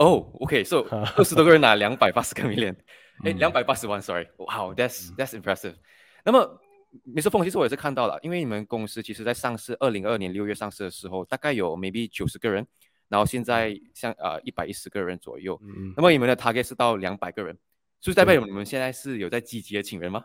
哦，OK，so 二十多個人，拿兩百八十個 million，誒兩百八十萬，sorry，哇，wow，that's that's impressive。嗯。那麼，Mr. Fong 其實我也是看到了，因為你們公司其實在上市，二零二二年六月上市的時候，大概有 maybe 九十個人，然後現在像啊一百一十個人左右，嗯，那麼你們的 target 是到兩百個人，所以代表你們現在是有在積極的請人嗎？